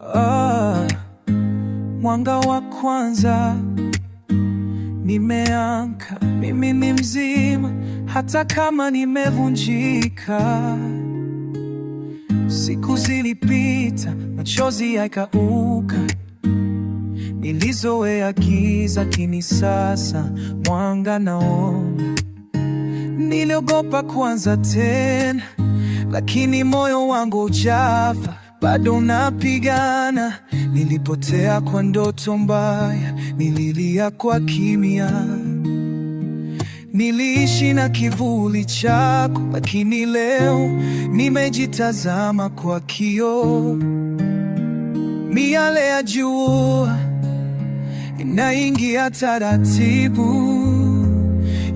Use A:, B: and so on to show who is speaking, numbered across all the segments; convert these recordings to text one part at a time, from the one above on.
A: Ah, mwanga wa kwanza, nimeamka, mimi ni mzima, hata kama nimevunjika. Siku zilipita, machozi yakauka, nilizowea giza, kini sasa mwanga naona. Niliogopa kuanza tena, lakini moyo wangu ujafa bado napigana. Nilipotea kwa ndoto mbaya, nililia kwa kimya, niliishi na kivuli chako, lakini leo nimejitazama kwa kioo. Miale ya jua inaingia taratibu,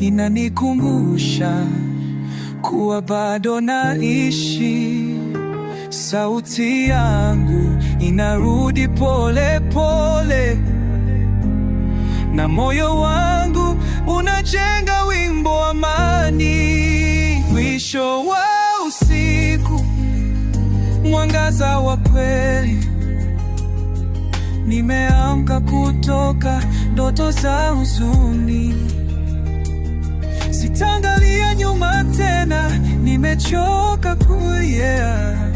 A: inanikumbusha kuwa bado naishi sauti yangu inarudi pole pole, na moyo wangu unajenga wimbo wa amani. Mwisho wa usiku, mwangaza wa kweli. Nimeamka kutoka ndoto za huzuni, sitangalia nyuma tena, nimechoka yeah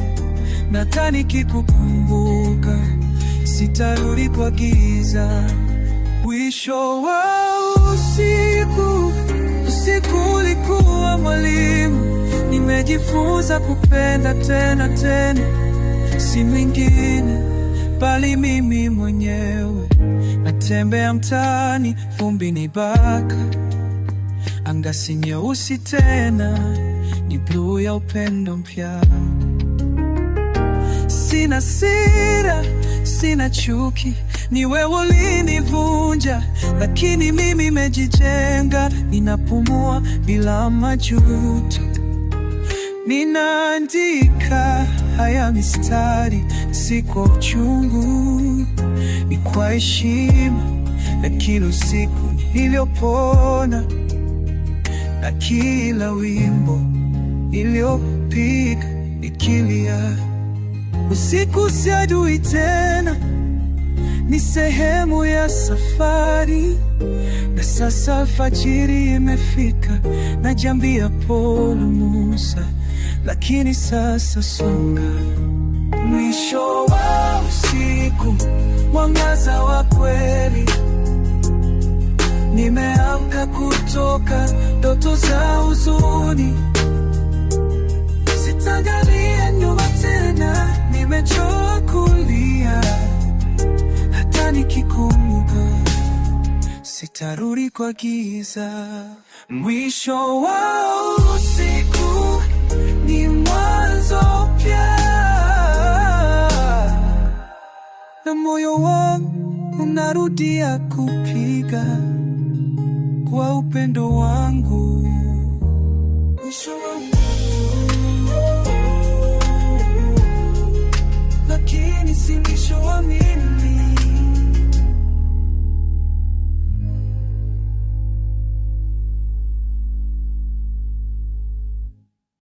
A: natani kikukumbuka sitarudi kwa giza. Mwisho wa usiku, usiku ulikuwa mwalimu. Nimejifunza kupenda tena tena, si mwingine bali mimi mwenyewe. Natembea mtaani, vumbi ni baka, anga si nyeusi tena, ni bluu ya upendo mpya. Sina sira, sina chuki, ni wewe ulinivunja, lakini mimi mejijenga, ninapumua bila majuto, ninaandika haya mistari, si kwa uchungu, ni kwa heshima, na kila siku niliyopona, na kila wimbo niliyopiga nikilia Usiku si adui tena, ni sehemu ya safari. Na sasa alfajiri imefika, najiambia pole Musa, lakini sasa songa. Mwisho wa usiku, mwangaza wa kweli. Nimeamka kutoka ndoto za huzuni, sitangalia nyuma tena nimechoka kulia, hata nikikumbuka sitarudi kwa giza. Mwisho wa usiku ni mwanzo mpya, na moyo wangu unarudia kupiga kwa upendo wangu
B: Mwisho